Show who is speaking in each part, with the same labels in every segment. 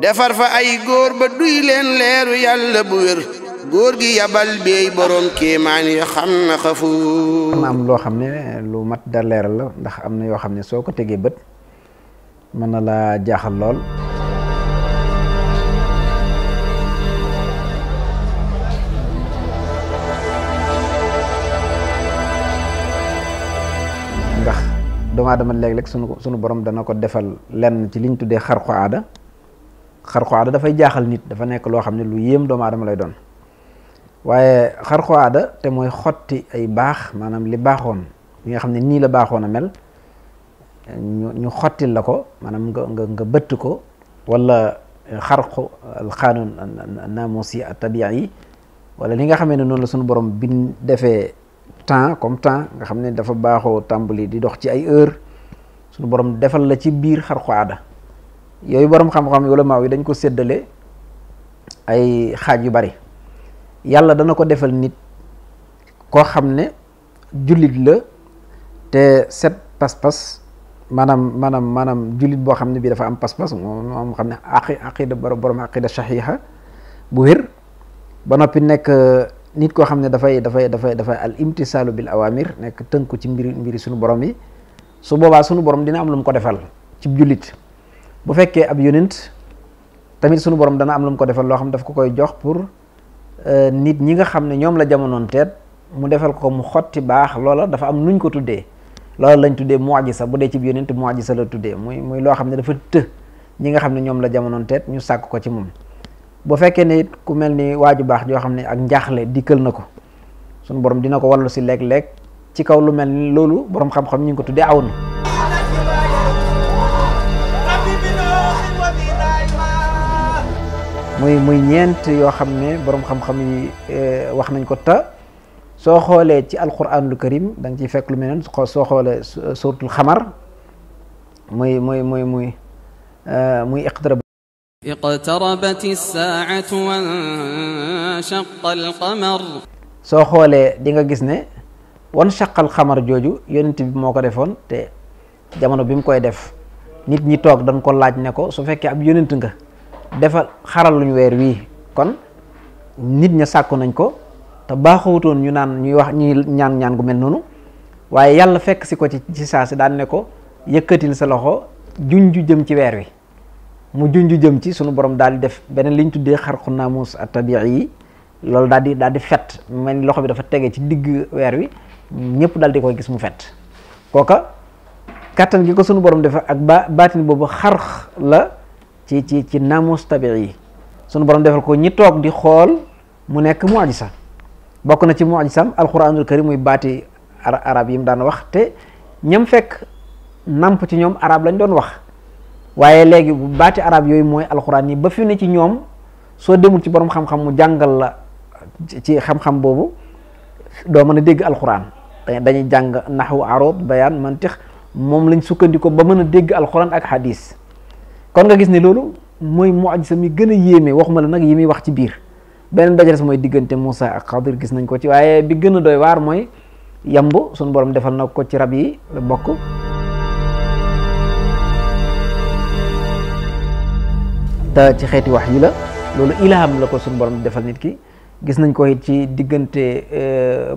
Speaker 1: defar fa ay góor ba duy leen leeru yàlla bu wér góor gi yabal beey boroom kéemaan yi xam na xafu am
Speaker 2: loo xam ne lu mat da la ndax am na yoo xam ne soo ko tegee bët mën na laa jaaxal lool ndax doomu aadama léeg-léeg sunu sunu borom dana ko defal lenn ci liñ tuddee xarqu aada xarqu aada dafay jaaxal nit dafa nekk loo xam ne lu yéem doomu aadama lay doon waaye xarqu aada te mooy xotti ay baax maanaam li baaxoon li nga xam ne nii la baaxoon a mel ñu ñu xottil la ko maanaam nga nga nga bëtt ko wala xarqu alxaanun namusi atabia yi wala li nga xamee ne noonu la suñu borom bin defee temps comme temps nga xam ne dafa baaxoo tàmbali di dox ci ay heure suñu borom defal la ci biir xarqu aada yooyu borom xam-xam ulama wi dañ ko seddale ay xaaj yu bari yàlla dana ko defal nit koo xam ne jullit la te set pas-pas maanaam maanaam maanaam jullit boo xam ne bii dafa am pas-pas moom xam ne aqi aqida borom aqida saxiixa bu wér ba noppi nekk uh, nit koo xam ne dafay dafay dafay dafay al imtisaalu bil awamir nekk tënku ci mbiri mbiri suñu borom yi su boobaa sunu borom dina am lu ko defal ci jullit bu fekkee ab yonent tamit suñu borom dana am lu ko defal loo xam daf ko koy jox pour Euh, nit ñi nga xam ne ñoom la jamonoon teet mu defal ko mu xotti baax loola dafa am nuñ ko tuddee loolu lañ tuddee sax bu dee ci yonent mu'jiza la tuddee muy muy loo xam ne dafa të ñi nga xam ne ñoom la jamonoon teet ñu sàkk ko ci moom bu fekkee ne it ku mel ni waaju baax joo xam ne ak njaaxle dikkal na ko suñu borom dina ko wallu si léeg lekk ci kaw lu mel ni loolu borom xam-xam ñu ngi ko tuddee aw na muy muy ñeent yoo xam ne boroom xam-xam yi eh, wax nañ ko ta soo xoolee ci lu karim da nga ciy fekk lu mel ne soo xoolee suratul xamar muy muy muy muy eh, muy iqtarab iqtarabat as-saa'atu wanshaqqa al-qamar soo xoolee di nga gis ne wan shaqal xamar jooju yonent bi moo ko defoon te jamono bi mu koy def nit ñi toog dañ ko laaj ne ko su fekkee ab yonent nga defal xaral luñ wër wi kon nit ñi sakku nañ ko te baaxuutoon ñu naan ñuy wax ñi ñaan ñaan gu mel nonu waye yalla fekk ci ko ci ci saasi daan ne ko yëkkatil sa loxo junju jëm ci wër wi mu junju jëm ci sunu borom daal def benen liñ tuddé tuddee xarqu at tabi'i lol daal di daal di fet mel loxo bi dafa tege ci digg wër wi ñepp daal di koy gis mu fet koka katan gi ko sunu borom def ak ba bobu kharx la ci ci ci namus tabi'i sunu borom defal ko ñi tok di xol mu nek mu'jisa bokku na ci mu'jisam alquranul karim muy bati arab yi mu daan wax te ñam nam namp ci ñom arab lañ doon wax waye legi bu bati arab yoy moy alquran ni ba fi ne ci ñom so demul ci borom xam-xam mu jangal la ci xam-xam bobu do meuna deg alquran dañuy jang nahwu arab bayan mantikh mom lañ sukkandiko ba meuna deg alquran ak hadis kon nga gis ni lolu moy mucjisa mi gëna yéme waxuma la nak yimi wax ci biir beneen dajal ca digënté Moussa ak Khadir gis nañ ko ci waaye bi gëna doy war moy yambu sun borom defal na ko ci rab yi bokk te ci xéti wax yi la lolu ilham la ko sun borom defal nit ki gis nañ ko it ci diggante euh,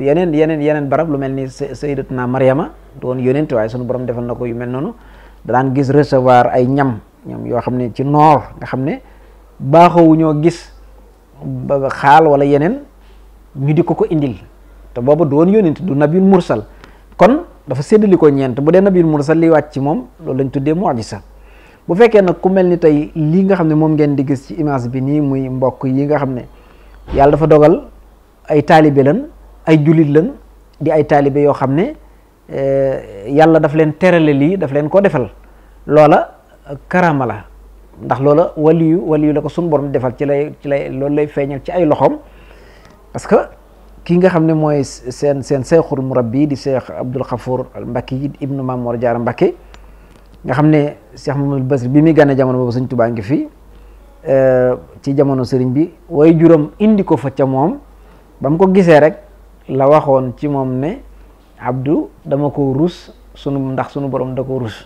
Speaker 2: yenen yenen yenen barab lu melni sayyidatuna Maryama doon yonent way sun borom defal na ko yu mel nonu daan gis recevoir ay ñam ñam yoo xam ne ci noor nga xam ne baaxoowu ñoo gis ba xaal wala yeneen ñu di ko ko indil te booba doon yónent du nabiul mursal kon dafa séddali ko ñeent bu dee nabiul mursal li wàcc ci moom loolu lañ tuddee mu mu'jiza bu fekkee nag ku mel ni tey lii nga xam ne moom ngeen di gis ci image bi nii muy mbokk yi nga xam ne yàlla dafa dogal ay taalibe lan ay jullit lan di ay taalibe yoo xam ne Eh, yàlla daf leen terale lii daf leen koo defal loola eh, karama la ndax loola waliyu waliyu la ko sun borom defal ci lay ci lay loolu lay feeñal ci ay loxoom parce que kii nga xam ne mooy seen seen seexul murabbi di seex Abdul Xafour Mbacke ibnu Mamoor jaar mbaki nga xam ne seex Mamadul Basri bi muy gànne jamono boobu sëñ Tubaa ngi fii eh, ci jamono sëriñ bi waaye juróom indi ko fa ca moom ba mu ko gisee rek la waxoon ci moom ne Abdou dama ko rus sunu ndax sunu borom da ko rus.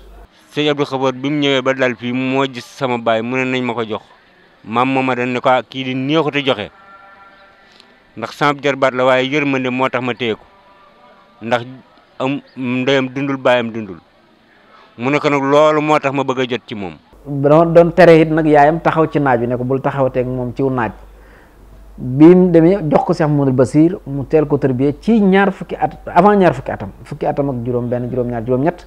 Speaker 1: sëñ Abdou Khafour bi mu ñëwee ba dal fii moo gis sama baay mu ne nañ ma ko jox maam ma dañ ne ko ah, kii di neexut a joxe ndax sama jarbaat la waaye ma yërmande moo tax ma téye ko ndax am ndeyam dundul baayam dundul mu ne ko nag loolu moo tax ma bëgg a jot ci moom.
Speaker 2: dama doon tere it nag yaayam taxaw ci naaj bi ne ko bul taxawatee teeg moom ciw naaj. Bim demé jox ko Cheikh Mouhamadou Basir mu tel ko terbié ci ñaar fukki at avant ñaar fukki atam fukki atam ak juroom ben juroom ñaar juroom
Speaker 1: ñet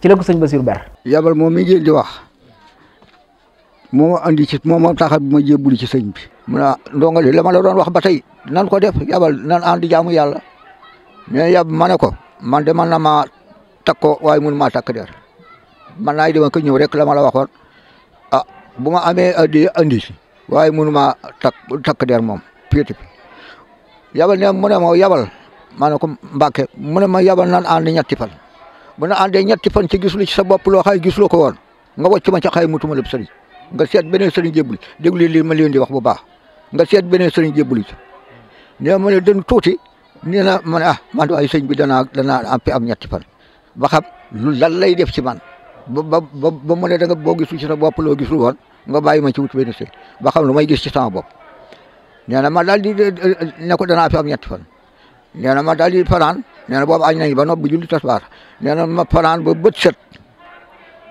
Speaker 1: ci la ko seigne Basir ber yabal mi di wax moo andi ci moom moo taxa bi ma jébbuli ci seigne bi mu ne ndongo li la la doon wax ba tey nan ko def yabal nan andi jaamu yalla mais yab ma man de man na ma takko way mun ma takk der man naay dama ko ñew rek la la waxon ah buma amé amee andi andi waaye mënuma takk takk der moom piéti yabal ne mu ne ma yabal maa ne ko mbàkke mu ne ma yabal naan ànd ñetti fan bu na àndee ñetti fan ci gislu ci sa bopp loo xay gisuloo ko woon nga wàcc ma ca xay mutuma lépp sëriñ nga seet benee sëriñ jébbuli déglu li ma leen di wax bu baax nga seet beneen sëriñ jebulu ci nee ma ne tuuti nee na ma ne ah man ay sëñ bi danaa danaa am am ñetti fan ba xam lu lan lay def ci man ba ba ba mu ne da boo gisul ci sa bopp loo gisul woon nga bàyyi ma ci wut benn sëy ba xam lu may gis ci sama bopp nee na ma daal di eh, eh, eh, ne ko danaa fi am ñetti fan nee na ma daal di fanaan nee na boobu añ nañ ba noppi julli tasbaar nee na ma fanaan ba bët set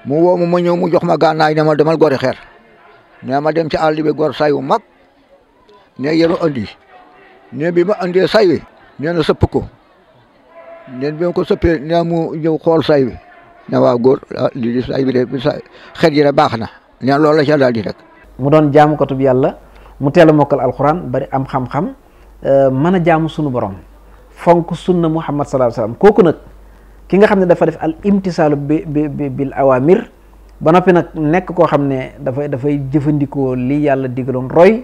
Speaker 1: mu woo ma ma ñëw mu jox ma gànnaay ne ma demal gori xeer nee ma dem ci àll bi gor sayu mag ne yéen a andi ne bi ma andee say wi nee na sëpp ko nee bi ko sëppee nee ñëw xool say wi ne waa góor ah, li di say bi de xet yi de baax na. neen loolu la ca daal di
Speaker 2: rek mu doon jaamu katub yàlla mu teela a mokkal alxuraan bari am xam-xam euh, mën a jaamu sunu borom fonk sunna muhammad sallallahu alayhi wasallam kooku nag ki nga xam ne dafa def al imtisaalu bi bi bil awamir ba noppi nag nekk koo xam ne dafay dafay jëfandikoo li yàlla digaloon roy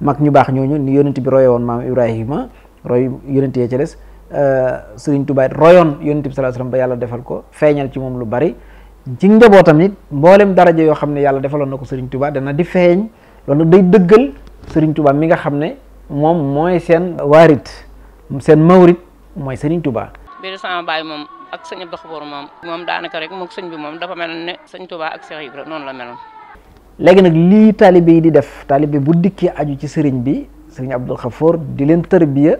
Speaker 2: mag ñu baax ñooñu ni yonent bi royoon maam Ibrahima roy yonent yee ca des euh, Sëriñ Tuubaa royoon yonent bi sallallahu alayhi wasallam ba yàlla defal ko feeñal ci moom lu bari ci njabootam it mboolem daraja yoo xam ne yàlla defaloon na ko Serigne Touba dana di feeñ loolu day dëggal Serigne Touba mi nga xam ne moom mooy seen waarit seen mawrit mooy Serigne Touba.
Speaker 3: biir sama baay moom ak sëñ Abdou Khabour moom. moom daanaka rek moog sëñ bi moom dafa mel ne sëñ Touba ak Cheikh noonu la meloon.
Speaker 2: léegi nag lii taalibe yi di def taalibe bu dikki aju ci sëriñ bi Serigne Abdou Khafour di leen tërbiya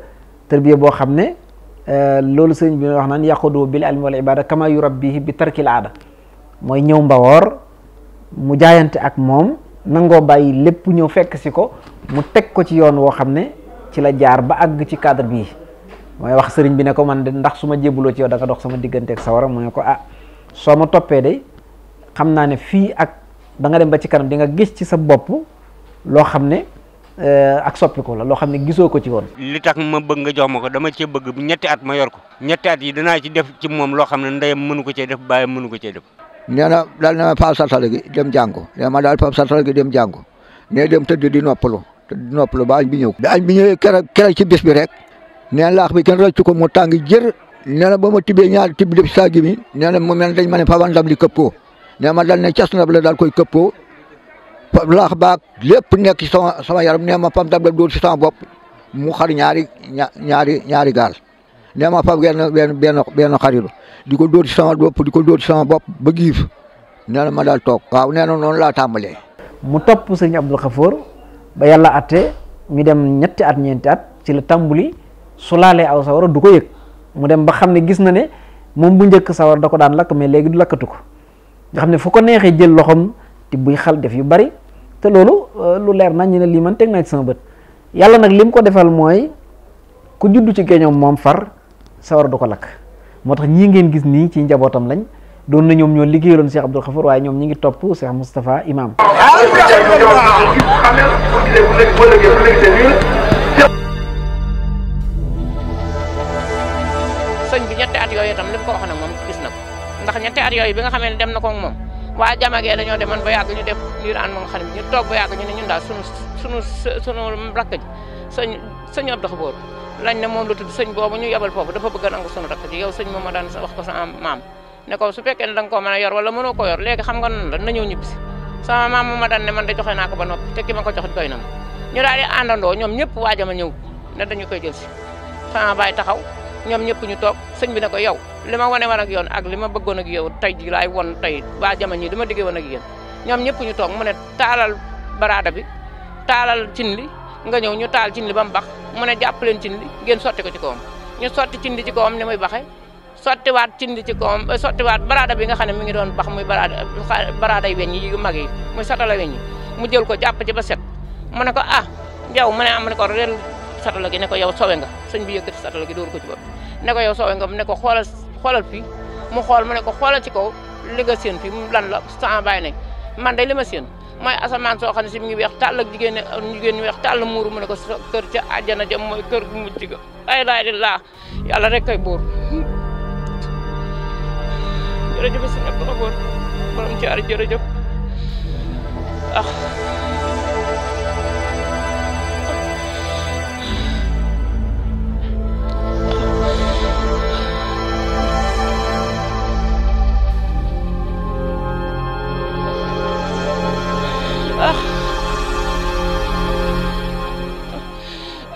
Speaker 2: tërbiya boo xam ne euh, loolu Serigne bi wax naan yaqudu bil ilmi wal ibada kama yurabbihi bi tarkil mooy ñëw mbawoor mu jaayante ak moom nangoo bàyyi lépp ñëw fekk si ko mu teg ko ci yoon woo xam ne ci la jaar ba àgg ci cadre bii mooy wax sëriñ bi ne ko man ndax suma ma ci yow da nga dox sama diggante ak sawara mu ko ah soo ma toppee de xam naa ak da nga dem ba ci kanam di nga gis ci sa bopp loo xam ne eh, ak soppiku la loo xam ne gisoo ko ci woon.
Speaker 1: li tax ma bëgg nga jox ma ko dama cee bëgg ñetti at ma yor ko ñetti at yi danaa ci def ci moom loo xam ne ndeyam mënu ko cee def bàyyam mënu ko cee def neena dal na fa sa sal dem jango neena ma dal fa sa sal dem jango ne dem teud di noppalu teud di noppalu ba bi ñew dañ bi ñewé kéra kéra ci bis bi rek neena la bi ken roccu ko mu tang jër na bama tibé ñaar tib def sa gi mi na mu mel dañ mané fa wan dam li keppo neena ma dal ne ciass na bla dal koy keppo laax ba lepp nek sama sama yaram neena ma pam dam dal do ci sama bop mu xar ñaari ñaari ñaari gal Nya ma ben ben ben ben benn xaritu di ko ci sama bop di ko ci sama bop ba gif nee ma dal tok waaw nee non la laa mu
Speaker 2: top serigne Abdou Khafour ba yalla até mi dem ñetti at ñenti at ci la tambuli su aw sawara duko yek mu dem ba xam gis na ne mom bu njëkk sawar dako daan lak mais léegi du lakkatu ko nga xam fu jël loxom ti buy xal def yu bari té lolu euh, lu leer nañ ñu li man tek na ci sama bëtt yalla nak lim ko defal moy ku juddu ci géñoom mom far sawar du ko lak motax ñi ngeen gis ni ci njabotam lañ doon na ñom ñoo liggéeyaloon Cheikh abdou Khafour waaye ñom ñi ngi top Cheikh mustapha Imam
Speaker 3: sëñ bi ñetti at yooyu itam lim ko wax na moom gis na ndax ñetti at bi nga dem na koog moom waa jamagee dañoo demoon ba yàgg ñu def liir an ñu ba sëñ sëñ Abdou Khabour lañ ne moom la tudd sëñ boobu ñu yebal foofu dafa bëgg a nangu sunu rakk ji yow sëñ moom wax ko sa maam ne ko su fekkee ne da nga koo a yor wala mënoo ko yor léegi xam nga la nañoo ñibbisi sama maam moom ne man de joxe naa ko ba noppi te ki ma ko jox doy na ma ñu daal di ñoom ñëpp waajama ñëw ne dañu koy jël si sama baay taxaw ñoom ñëpp ñu toog sëñ bi ne ko yaw li ma wane woon ak yoon ak li ma bëggoon ak yow tey ji laay won tey waa jama ñi li ma diggee woon ak yéen ñoom ñëpp ñu toog mu ne taalal baraada nga ñëw ñu taal cin li ba mu bax mu ne jàpp leen cin li ngeen sotti ko ci kawam ñu sotti cin li ci kawam ni muy baxe sottiwaat cin li ci kawam eh, sottiwaat baraada bi nga xam ne mi ngi doon bax muy baraada baraaday weñ yi yu mag yi muy satala weñ yi mu jël ko jàpp ci ba set mu ne ko ah yow mu ne am ne ko rel satala gi ne ko yow sowe nga sëñ bi yëkkati satala gi ko ci bopp ne ko yow sowe nga ne ko xoolal xoolal fii mu xool mu ne ko xoolal ci kaw li nga séen fii lan la san bàyyi man day li ma séen mooy asamaan soo xam ne si mu ngi weex tàll ak jigéen ñi jigéen ñi weex tàll muuru mu ne ko kër ca àjjana jëm mooy kër gu mujj ga ay laay di laa yàlla rek kay buur jërëjëf si nekk borom caari jërëjëf ah.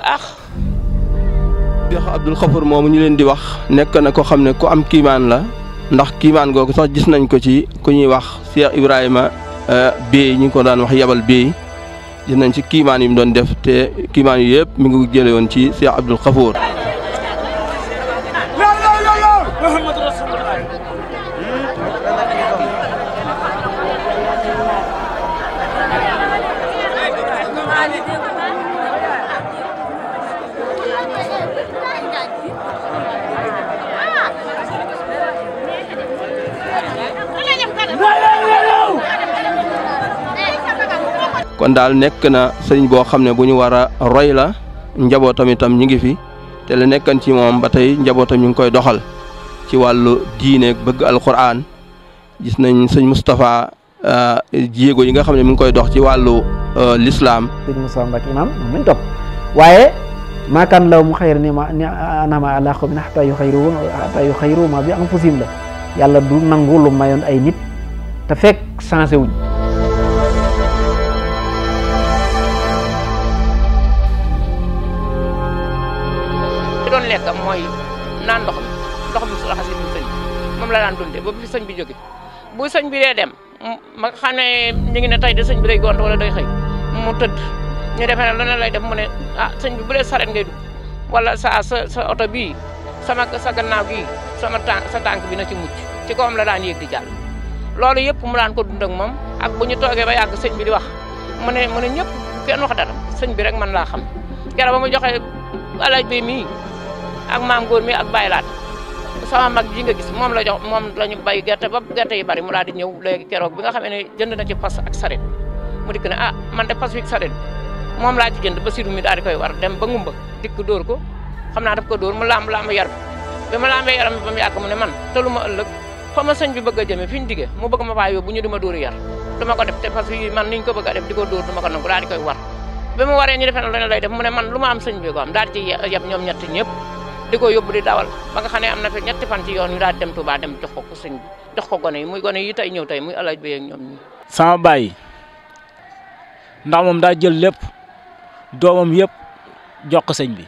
Speaker 1: ax ah. Abdul Xafur moomu ñu leen di wax nekk na ko xam ne ku am kiimaan la ndax kiimaan googu sax gis nañ ko ci ku ñuy wax Cheikh Ibrahima euh, Bey ñu ngi ko daan wax yabal Bey gis nañ ci kiimaan yu mu doon def te kiimaan yu yëpp mu ngi ko jële woon ci Cheikh Abdul Xafur kon daal nekk na sëñ boo xam ne bu ñu war a roy la njabootam itam ñu ngi fi te la nekkan ci moom ba tey njabootam ñu ngi koy doxal ci wàllu diine bëgg alquran gis nañ sëñ Moustapha euh, jéego yi nga xam ne mu ngi koy dox ci wàllu euh, lislaam
Speaker 2: sëñ Moustapha Mbacke waaye maakaan law mu xayr ni ma ni anama ala qawmin hatta yuxayru hatta yuxayru ma bi anfusihim la yàlla du nangu lu mayoon ay nit te fekk changé
Speaker 3: naan ndox bi ndox bi sulaxasi raxasi fi sëñ moom la daan dundee ba fi sëñ bi jóge bu sëñ bi dee dem ma xam ne ñu ngi ne tey de sëñ bi day gont wala day xëy mu tëdd ñu defee ne lu ne lay dem mu ne ah sëñ bi bu dee saret ngay dugg wala sa sa sa oto bii sama sa gannaaw gii sama tànk sa tànk bi na ci mucc ci kawam la daan yéeg di jàll loolu yëpp mu daan ko dund ak moom ak bu ñu toogee ba yàgg sëñ bi di wax mu ne mu ne ñëpp kenn wax dara sëñ bi rek man laa xam keroog ba mu joxe alaaj bi mii ak mam goor mi ak bàyyi laat sama mag ji nga gis mom la jox mom lañu bay gerté ba gerté yi bari mu la di ñew léegi kérok bi nga xamé ne jënd na ci pass ak saret mu dik na ah man de pass wi ak saret mom la ci jënd ba sidu mi daal di koy war dem ba ngumba dik door ko xamna daf ko door mu laam laam yar bi ma laambee yaram bi ba mu yàgg mu ne man te lu ma ëllëg fa ma sëñ bi bëgg jëme fiñ diggé mu bëgg ma faa bu ñu duma door yar du ko def te pass wi man niñ ko bëgg def diko door dóor ko nangul daal di koy war bi mu waree ñu defee ne lay def mu né man luma am señ bi ko am daal ci yab ñom ñett ñepp di ko yóbbu di dawal ba nga xam ne am na fi ñetti fan ci yoon ñu daal dem Touba dem jox ko ko sëñ bi jox ko gone yi muy gone yi tey ñëw tey muy alaaj bi ak ñoom ñi
Speaker 1: sama baay ndax moom daa jël lépp doomam yëpp jox ko sëñ bi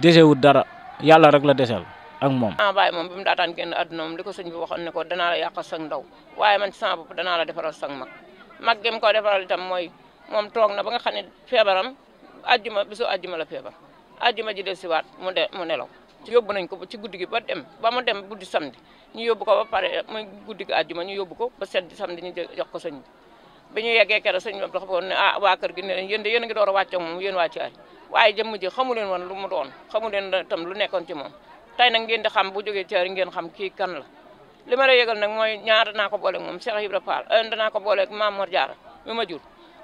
Speaker 2: desewut dara yàlla rek la desel ak moom.
Speaker 3: sama baay moom bi mu daataan génn àdduna moom li ko sëñ bi waxoon ne ko danaa la yàqal sa ndaw waaye man ci sama danaa la defaral sa ma mag gi mu ko defaral itam mooy moom toog na ba nga xam ne feebaram àjjuma bisu àjjuma la feebar. ajjuma ji del siwaat mu de mu nelaw yóbbu nañ ko ci guddi gi ba dem ba mu dem guddi samedi ñu yóbbu ko ba pare muy guddi gi ajjuma ñu yóbbu ko ba sedd samedi ñu jox ko sëñ bi bi ñu yeggee kere sëñ bi dafa ne ah waa gi ne yéen de yéen a ngi wàcc moom yéen waa ci ay waaye jëmm ji xamu leen woon lu mu doon xamu leen tam lu nekkoon ci moom tey nag ngeen di xam bu jógee caari ngeen xam kii kan la li ma la yëgal nag mooy ñaar naa ko booleeg moom Cheikh Ibra Fall euh, danaa ko booleeg Maam Mor Diarra mi ma jur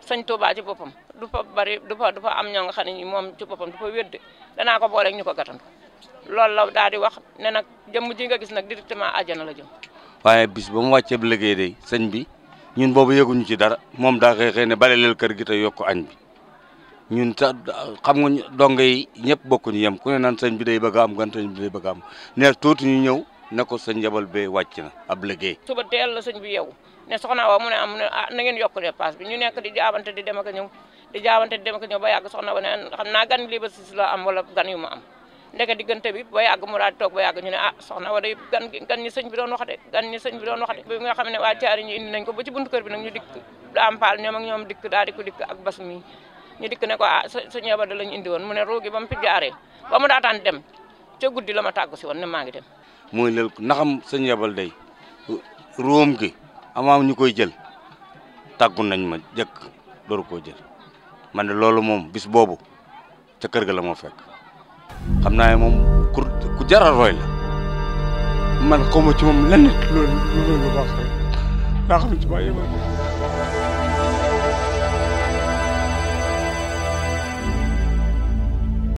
Speaker 3: sëñ Touba ci boppam dupa bari dupa dupa am ñoo nga xam ne mom moom ci boppam du fa wédde danaa ko booleeg ñu ko gatandu loolu la daal di wax ne nak jëmm ji nga gis nak directement aljana la jëm
Speaker 1: waye bis bu mu wàccee liggéey day señ bi ñun boobu yëguñu ci dara mom da xëy xëy ne bale leel kër gi te yokku añ bi ñun ta xam nga dongé yi bokku ñu yam ku ne nan señ bi day bëgg am gan sëñ bi day bëgg am neer tout ñu ñëw ne ko sa njabal bee na ab liggéey
Speaker 3: suba teel la señ bi yow ne soxna wa mu ne am ah, na ngeen yokk dépense bi ñu nekk di jaabante di dem ak a di jaman di dem ak ñëw ba yàgg soxna ba ne xam naa gan lii ba la am wala gan yu ma am ndeke diggante bi ba yàgg mu daal tok ba yàgg ñu ne ah soxna wa day gan gan ñi sëñ bi doon wax de gan ñi sëñ bi doon wax de bi nga xam ne waa caari ñi indi nañ ko ba ci buntu kër bi nag ñu am pal ñoom ak ñoom dikk daal di ko dikk ak bas mi ñu dik ne ko ah sëñ Abada lañ indi won mu ne ruugi ba fi jaaree ba mu daataan dem ca guddi lama ma tàggu si ne ma ngi gitu. dem
Speaker 1: mooy lel naxam sëñ Yabal day róom gi amaam ñu jël tàggu nañ ma jëkk dor ko jël man ne loolu moom bis boobu ca kër ga la moo fekk xam naa ne moom ku ku jaral roy la man xaw ma ci moom lenn loolu loolu lu baax rek ci bàyyi ma